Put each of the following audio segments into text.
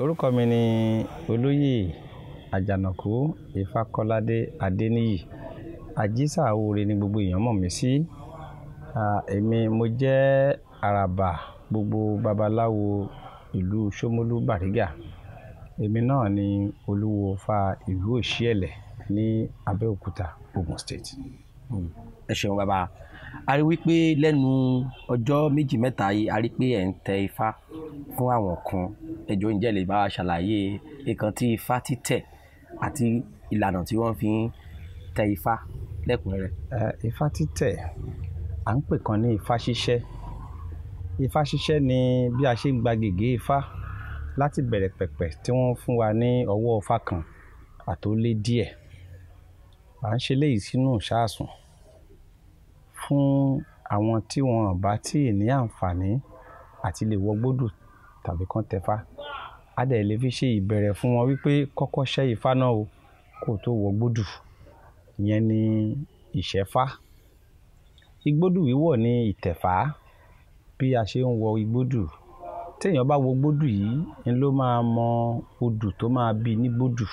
orúkọ mi ni olóyè àjànàkú ìfakọ́ládé adéníyì àjísà oore ni gbogbo èèyàn mọ̀ mí sí èmi mo jẹ́ àràbà gbogbo babaláwo ìlú ṣómólú bàrígà èmi náà ni olúwo fa ìlú òṣìẹ̀lẹ̀ ní abẹ́òkúta Ògùn state. Mm. ẹ ṣeun bàbá a rí wípé lẹ́nu ọjọ́ méjì mẹ́ta yìí a rí pé ẹ̀ ń tẹ ifá fún àwọn kan ẹjọ́ ǹjẹ́ lè bá a ṣàlàyé nǹkan tí ifá títẹ̀ àti ìlànà tí wọ́n fi ń tẹ ifá lẹ́kùnrẹ́rẹ́. ifá títẹ̀ à ń pè kan ní ifá ṣíṣẹ́ ifá ṣíṣẹ́ ni bí a ṣe ń gba gègé ifá láti bẹ̀rẹ̀ pẹ̀pẹ̀ tí wọ́n fún wa ní ọwọ́ ifá kan àtólé díẹ̀ à ń ṣe léyìí sínú ṣáàsùn fún àwọn tí wọn bá tí ì ní àǹfààní àti lè wọgbódù tàbí kán tẹ̀fá a dẹ̀ lè fi ṣe ìbẹ̀rẹ̀ fún wọn wípé kọ́kọ́ ṣẹ́ ifá náà o kó o tó wọgbódù ìyẹn ni ìṣẹ́fá igbódù wíwọ̀ ni ìtẹ̀fá bí a ṣe ń wọ igbódù téèyàn bá wo gbódù yìí ni ló máa mọ odù tó máa bí ní gbódù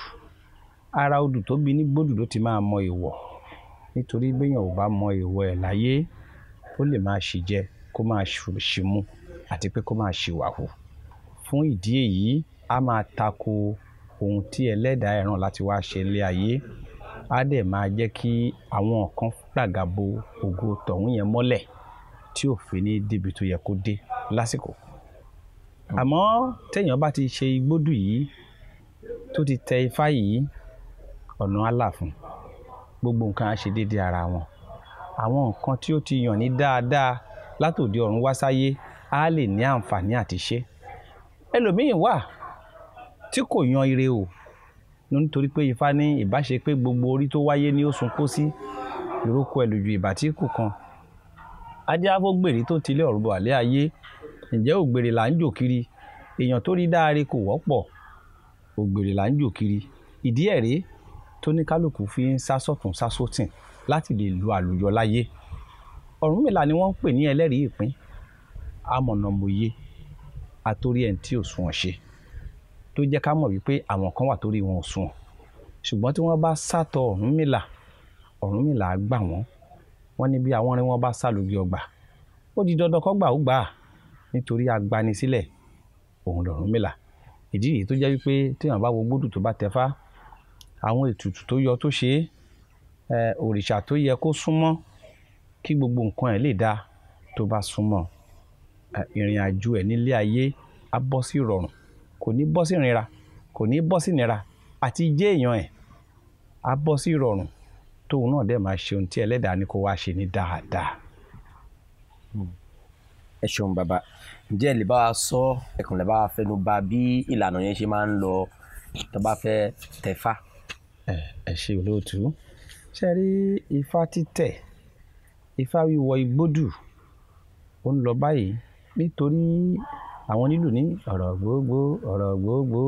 ara odù tó bí ní gbódù ló ti máa mọ ìwọ̀ nítorí béèyàn ò bá mọ èèwọ̀ ẹ̀ láyé ó lè máa ṣì jẹ kó máa ṣì mu àti pé kó máa ṣì wàhù fún ìdí èyí a máa tako ohun tí ẹlẹ́dàá ẹ̀ràn láti wá ṣe ilé ayé á dẹ̀ máa jẹ́ kí àwọn kan gbàgàbo ògo tọ̀hún yẹn mọ́lẹ̀ tí ò fi ní débi tó yẹ kó dé lásìkò àmọ́ téèyàn bá ti ṣe igbódù yìí tó ti tẹ ifá yìí ọ̀nà á gbogbo nǹkan á ṣe déédé ara wọn àwọn nǹkan tí ó ti yàn ní dáadáa látòdì ọ̀run wá sáyé á lè ní àǹfààní àti ṣe ẹlòmíín wà tí kò yan ire o nítorí pé ifá ní ìbáṣe gbogbo orí tó wáyé ni ó sunkún sí ìrókò ẹlòjù ìbàtí kù kan ajé afọgbèrè tó tilẹ̀ ọ̀rùbọ àlẹ́ ayé ǹjẹ́ ògbèrè là ń jò kiri èèyàn tó rí dáre kò wọ́pọ̀ ògbèrè là ń jò kiri ìdí ẹ̀ tóníkálùkù fi ń sá sọ̀tún sá sótìn láti lè lu àlùyọ láyé Ọ̀rúnmìlà ni wọ́n ń pè ní ẹlẹ́rìí ìpín amọ̀nàmọ̀ye àtòrí ẹni tí ò sunwọ̀n ṣe tó jẹ́ ká mọ̀ wípé àwọn kan wà torí wọn ò sunwọ̀n ṣùgbọ́n tí wọ́n bá sátọ̀ Ọ̀rúnmìlà Ọ̀rúnmìlà á gbà wọ́n wọ́n ní bí àwọn rẹ̀ wọ́n bá sálùgbé ọgbà ó di dandan kọ́gbà ó gbà á nítorí agbani sílẹ̀ òun lọ̀rúnmìlà ìdí yìí tó jẹ́ wípé téèyàn bá wo gbódù tó bá tẹ̀fá àwọn ètùtù tó yọ tó ṣe é òrìṣà tó yẹ kó súnmọ́ kí gbogbo nǹkan ẹ̀ lè dáa tó bá súnmọ́ ìrìn àjò ẹ̀ nílé ayé á bọ́ sí ìrọ̀rùn kò ní bọ́ sí ìnira kò ní bọ́ sí ìnira àti jẹ́ èèyàn ẹ̀ á bọ́ sí ìrọ̀rùn tóun náà dẹ̀ máa ṣe ohun tí ẹlẹ́dàá ní kó wá ṣe ní dáadáa. ẹ ṣeun bàbá ǹjẹ́ ẹ lè bá wa sọ ẹ̀kùnlẹ̀ bá wa fẹnu bà bí ìlànà yẹn ṣe máa ń lọ tó bá fẹ́ tẹ̀fà ẹ ṣe olóòtú ṣe rí ifá títẹ̀ ifá wíwọ igbódù ó ń lọ báyìí nítorí àwọn nílù ní ọ̀rọ̀ gbogbo ọ̀rọ̀ gbogbo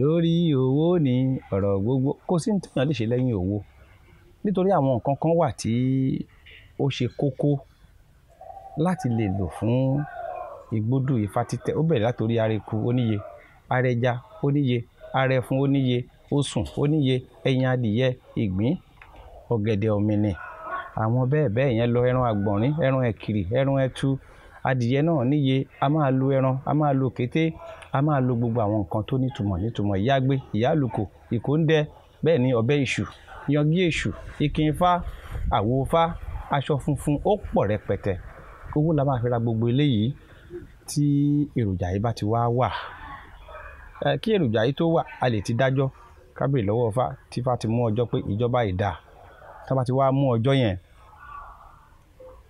lórí owó ní ọ̀rọ̀ gbogbo kò sí ní tòun lè ṣe lẹ́yìn owó nítorí àwọn nǹkan kan wà tí ó ṣe kókó láti lè lò fún igbódù ifá títẹ̀ ó bẹ̀rẹ̀ látòrí areku oníye arẹja oníye arẹfun oníye osùn oníye ẹyin adìyẹ ìgbín ọ̀gẹ̀dẹ̀ ọ̀mìnì àwọn bẹ́ẹ̀ bẹ́ẹ̀ yẹn lọ ẹran àgbọ̀nrín ẹran ẹ̀kìrì ẹran ẹtu adìyẹ náà níye a máa lo ẹran a máa lo kété a máa lo gbogbo àwọn nǹkan tó nítumọ̀ nítumọ̀ ìyágbé ìyálùkò ìkóńdẹ bẹ́ẹ̀ ni ọ̀bẹ èṣù yangi èṣù ikinfa àwòfa aṣọ funfun ó pọ̀ rẹpẹtẹ owó la máa fi ra gbogbo eléyìí tí èròjà yìí bá ti wá wà kí èròjà yìí tó wà a lè ti dájọ́ kábìrì lọ́wọ́ Ifá tí Ifá ti mú ọjọ́ pé ìjọba ìdá tá bá ti wá mú ọjọ́ yẹn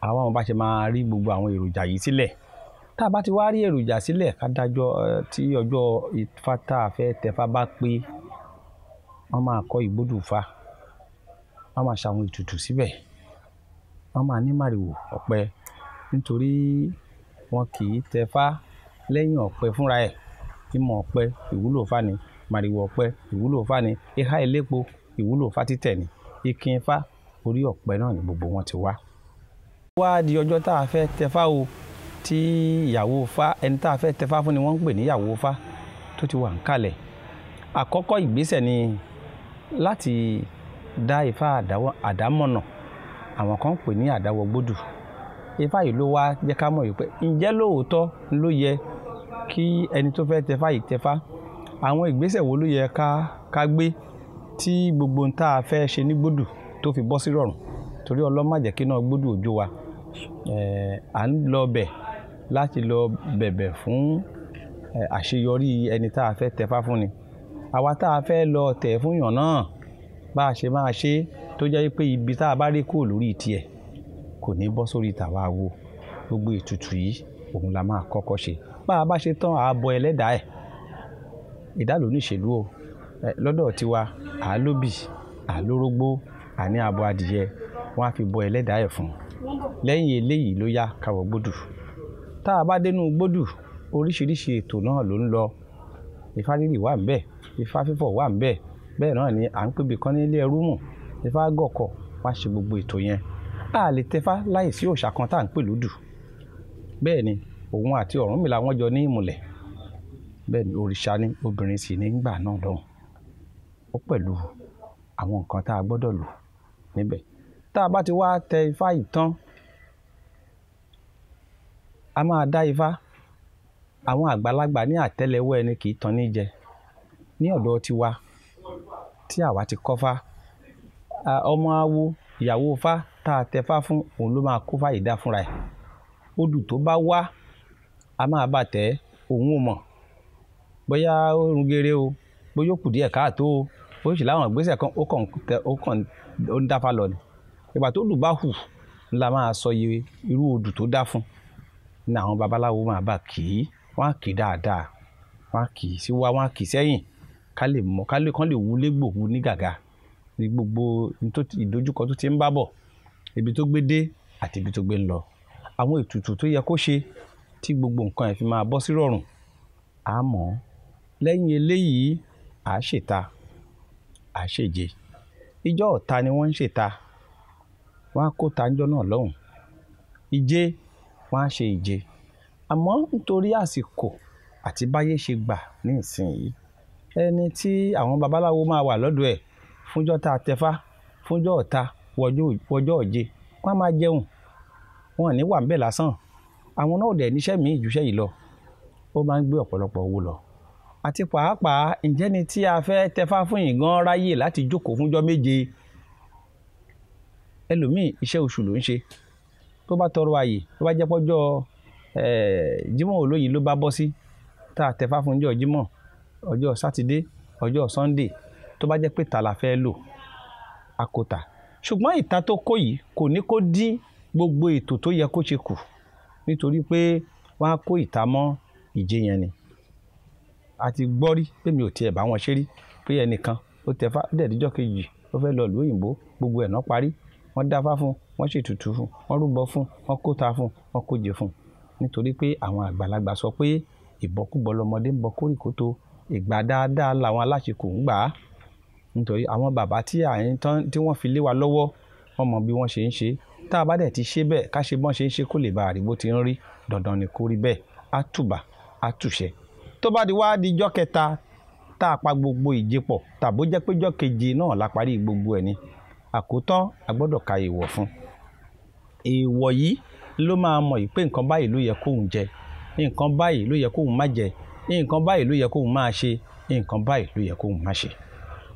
àwa àwọn bá ṣe máa rí gbogbo àwọn èròjà yìí sílẹ̀ tá a bá ti wá rí èròjà sílẹ̀ kádájọ́ tí ọjọ́ Ifá tá a fẹ́ tẹ̀fá bá pé wọ́n máa kọ́ ìgbódù Ifá wọ́n máa ṣàwọn ètùtù síbẹ̀ wọ́n máa ní màrìwò ọ̀pẹ nítorí wọn kì í tẹ̀fá lẹ́yìn ọ̀pẹ fúnra ẹ̀ ìmọ̀ ọ̀pẹ ìwúlò Ifá ni màrìwò ọ̀pẹ ìwúlò ọ̀fà ni ìhà ilépo ìwúlò ọ̀fà títẹ̀ ni ikin ifá orí ọ̀pẹ náà ni gbogbo wọn ti wá. wá di ọjọ́ tá a fẹ́ tẹfá o tí ìyàwó fa ẹni tá a fẹ́ tẹfá fún ni wọ́n ń pè ní ìyàwó fa tó ti wà ń kalẹ̀ àkọ́kọ́ ìgbésẹ̀ ni láti dá ifá àdámọ̀nà àwọn kan pè ní àdáwọ̀ gbódù ifá yìí ló wá jẹ́ ká mọ̀ yìí pé ǹjẹ́ lóòótọ́ ló yẹ kí ẹni tó fẹ́ tẹfá yìí tẹfá àwọn ìgbésẹ̀ wo ló yẹ ká ká gbé tí gbogbo ń tá a fẹ́ ṣe ní gbódù tó fi bọ́ sí rọrùn torí ọlọ́mọ àjẹ́kí náà gbódù òjò wa à ń lọ bẹ̀ láti lọ bẹ̀bẹ̀ fún àṣeyọrí ẹni tá a fẹ́ tẹ̀fá fún ni àwa tá a fẹ́ lọ tẹ̀ fún yàn náà bá a ṣe máa ṣe tó jẹ́ pé ibi tá a bá rí kò lórí tiẹ̀ kò ní bọ́ sórí tàwa wo gbogbo ètùtù yìí òun la máa kọ́kọ́ ṣe bá a bá ṣe tán àá bọ ẹlẹ́dàá ẹ̀ ìdálò níṣèlú o lọ́dọ̀ tiwa àálóbì àlórógbó àní abo adìyẹ wọn á fi bọ ẹlẹ́dàá ẹ̀ fún lẹ́yìn eléyìí ló yá káwọ́ gbódù tá a bá dénú gbódù oríṣiríṣi ètò náà ló ń lọ Ifá rírì wà ńbẹ̀ Ifá fífọ̀ wà ńbẹ̀ bẹ́ẹ̀ náà ni à ń pèbí kan ní ilé ẹrú mù Ifá gọ̀kọ̀ wá ṣe gbogbo ètò yẹn a lè tẹfá láì sí òòṣà kan tá à ń pè lódù bẹ́ẹ̀ ni òun àti Ọ̀rúnmìlà wọn jọ ní ìmùlẹ̀ bẹ́ẹ̀ ni òrìṣà ni obìnrin sì ní gbà náà lọ́hùn ó pẹ̀lú àwọn nǹkan tá a gbọ́dọ̀ lò níbẹ̀ tá a bá ti wá tẹ ifá yìí tán a máa dá ifá àwọn àgbàlagbà ní àtẹ́lẹwọ́ ẹni kì í tan ní jẹ ní ọ̀dọ̀ tiwa tí àwa ti kọ́fá ọmọ awo ìyàwó fá tá a tẹfá fún òun ló máa kó fáyìí dá fúnra ẹ̀ odù tó bá wá a máa bà tẹ́ òun ò mọ̀ bóyá ó run gere o bóyá ó kù díẹ̀ káàtó o ó sì láwọn ìgbésẹ̀ kan ó kàn ó kàn ó ń dáfa lọ ni ìgbà tó lù bá hù ńlá máa sọ iye irú odù tó dá fún ní àwọn babaláwo máa bá kì í wọ́n á kì í dáadáa wọ́n á kì í sí wa wọ́n á kì í sẹ́yìn ká lè mọ ká lè kán lè wú légbòhu ní gàgà ní gbogbo ìdojúkọ tó ti ń bá ibi tó gbé dé àti ibi tó gbé ń lọ àwọn ètùtù tó yẹ kó ṣe tí gbogbo nǹkan ẹ̀ fi máa bọ́ sí rọrùn àmọ́ lẹ́yìn eléyìí à á ṣèta à á ṣèje ìjọ ọ̀ta ni wọ́n ń ṣèta wọ́n á kó tanjọ́ náà lọ́hùn ìje wọ́n á ṣe ìje àmọ́ nítorí àsìkò àti báyé ṣe gbà ní ìsinyìí ẹni tí àwọn babaláwo máa wà lọ́dọ̀ ẹ̀ fúnjọ́ ta tẹfá fúnjọ́ ọ̀ta wọjọ́ òje wọ́n á máa jẹun wọn ní wà ń bẹ̀ lásán àwọn náà ò dẹ̀ níṣẹ́ míì jùṣẹ́ yìí lọ ó máa ń gbé ọ̀pọ̀lọpọ̀ owó lọ àti pàápàá ǹjẹ́ ni tí a fẹ́ tẹfá fún ìgan ráyè láti jókòó fúnjọ́ méje ẹlòmíì iṣẹ́ oṣù ló ń ṣe tó bá tọrọ àyè tó bá jẹ́ pọ́jọ́ eh, Jímọ̀ olóyin ló bá bọ́ sí tá a tẹfá fún ọjọ́ Jímọ̀ ọjọ́ sátidé ọjọ́ Sunday tó bá jẹ́ pé tà la fẹ́ lò àkótà ṣùgbọ́n ìta tó kó yìí kò ní kó dín gbogbo ètò tó yẹ kó ṣe kù nítorí pé wọ́n á kó ìta mọ́ ìjẹyàn ni àti gbọ́ rí pé mi ò tiẹ̀ bá wọn ṣe rí pé ẹnìkan ó tẹ fá dẹ̀díjọ́ kejì ó fẹ́ lọ lu òyìnbó gbogbo ẹ̀ náà parí wọ́n dáfá fún wọ́n ṣètùtù fún wọ́n rúbọ fún wọ́n kóta fún wọ́n kóje fún nítorí pé àwọn àgbàlagbà sọ pé ìbọkúbọ lọmọdé ń bọ kórìkótó ìgbà dáadáa làwọn aláṣekò ń gbà á nítorí àwọn bàbá tí àyín tán tí wọ́n fi lé wa lọ́wọ́ wọ́n mọ bí wọ́n ṣe ń ṣe tá a bá dẹ̀ ti ṣe bẹ́ẹ̀ ká ṣe bọ́n ṣe ń ṣe kó lè bá àrígbó ti ń rí dandan ni kó rí bẹ́ẹ̀ á tùbà á tùṣẹ́ tó bá di wá di jọ́ kẹta tá a pa gbogbo ìje pọ̀ tàbó jẹ́ pé jọ́ keje náà la parí gbogbo ẹ̀ ni àkótán a gbọ́dọ̀ ka èèwọ̀ fún èèwọ̀ yìí ló máa mọ̀ yìí pé nǹkan báyìí ló yẹ kóun jẹ nǹkan báyìí ló yẹ kóun má jẹ nǹkan báyìí ló yẹ kóun máa ṣe nǹkan báyìí ló yẹ kóun má ṣe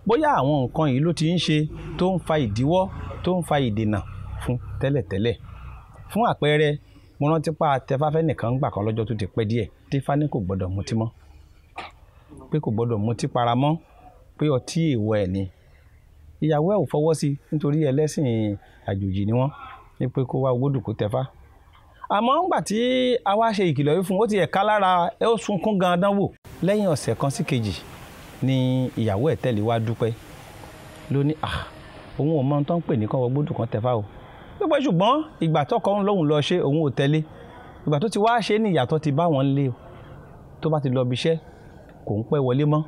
bóyá àwọn nǹkan yìí ló ti ń ṣe tó ń fa ìdíwọ́ tó ń fa ìdènà fún tẹ́lẹ̀tẹ́lẹ̀ fún àpẹẹrẹ mo rántí pa tẹfáfẹ́ nìkan gbà kan lọ́jọ́ tó ti pẹ́ díẹ̀ tífá ní kò gbọ́dọ̀ mutí mọ́ pé kò gbọ́dọ̀ mutí para mọ́ pé ọtí èèwọ̀ ẹ̀ ni ìyàwó ẹ̀ ò fọwọ́ sí nítorí ẹlẹ́sìn àjòjì ni wọ́n ní pé kó wá owódù kó tẹ̀fá àmọ́ ńgbà tí a wá ṣe ìkìlọ̀ yìí fún ó ti ẹ̀ka lára ẹ ó sunkún gan dánwò lẹ́yìn ọ̀sẹ̀ kan sí kejì ni ìyàwó ẹ̀ tẹ̀lé wá dúpẹ́ ló ní à ah, òun ò mọ ohun tó ń pè ní kán wọ gbódù kan tẹ̀fá o pípẹ́ ṣùgbọ́n ìgbà tọkọ ń lóun lọ ṣe òun ò tẹ̀lé ìgbà tó ti wá ṣe ní ìyàtọ̀ ti bá wọn lé o tó bá ti lọ bí iṣẹ́ kò ń pẹ́ wọlé mọ́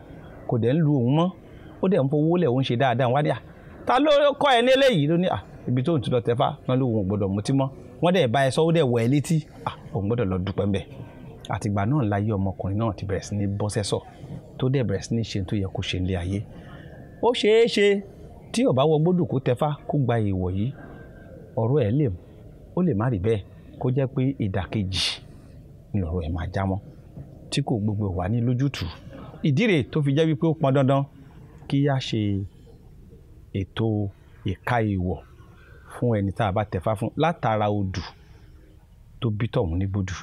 kò dẹ̀ ń lu òun mọ́ ó dẹ̀ ń fowó lẹ̀ òun ṣe dáadáa wá ní à ta ló kọ́ ẹ ní eléyìí ló ní à ibi tó ń ti lọ tẹ́fà náà ló wọ́n gbọ́dọ̀ mutí mọ́ wọ́n dẹ̀ bá ẹ sọ ó dẹ̀ wọ ẹ létí à òun gbọ́dọ̀ lọ dúpẹ́ mbẹ́ àtìgbà náà láyé ọmọkùnrin náà ti bẹ̀rẹ̀ sí ní bọ́ sẹ́sọ̀ tó dẹ̀ bẹ̀rẹ̀ ó lè má rí bẹ́ẹ̀ kó jẹ́ pé ìdàkejì ni ọ̀rọ̀ ẹ̀ máa já mọ́ tí kò gbogbo wà ní lójútùú ìdí rèé tó fi jẹ́ wípé ó pọn dandan kí a ṣe ètò ìka ìwọ̀ fún ẹni tá a bá tẹ̀fá fún látara odù tó bí tọ̀hún ní gbòdù.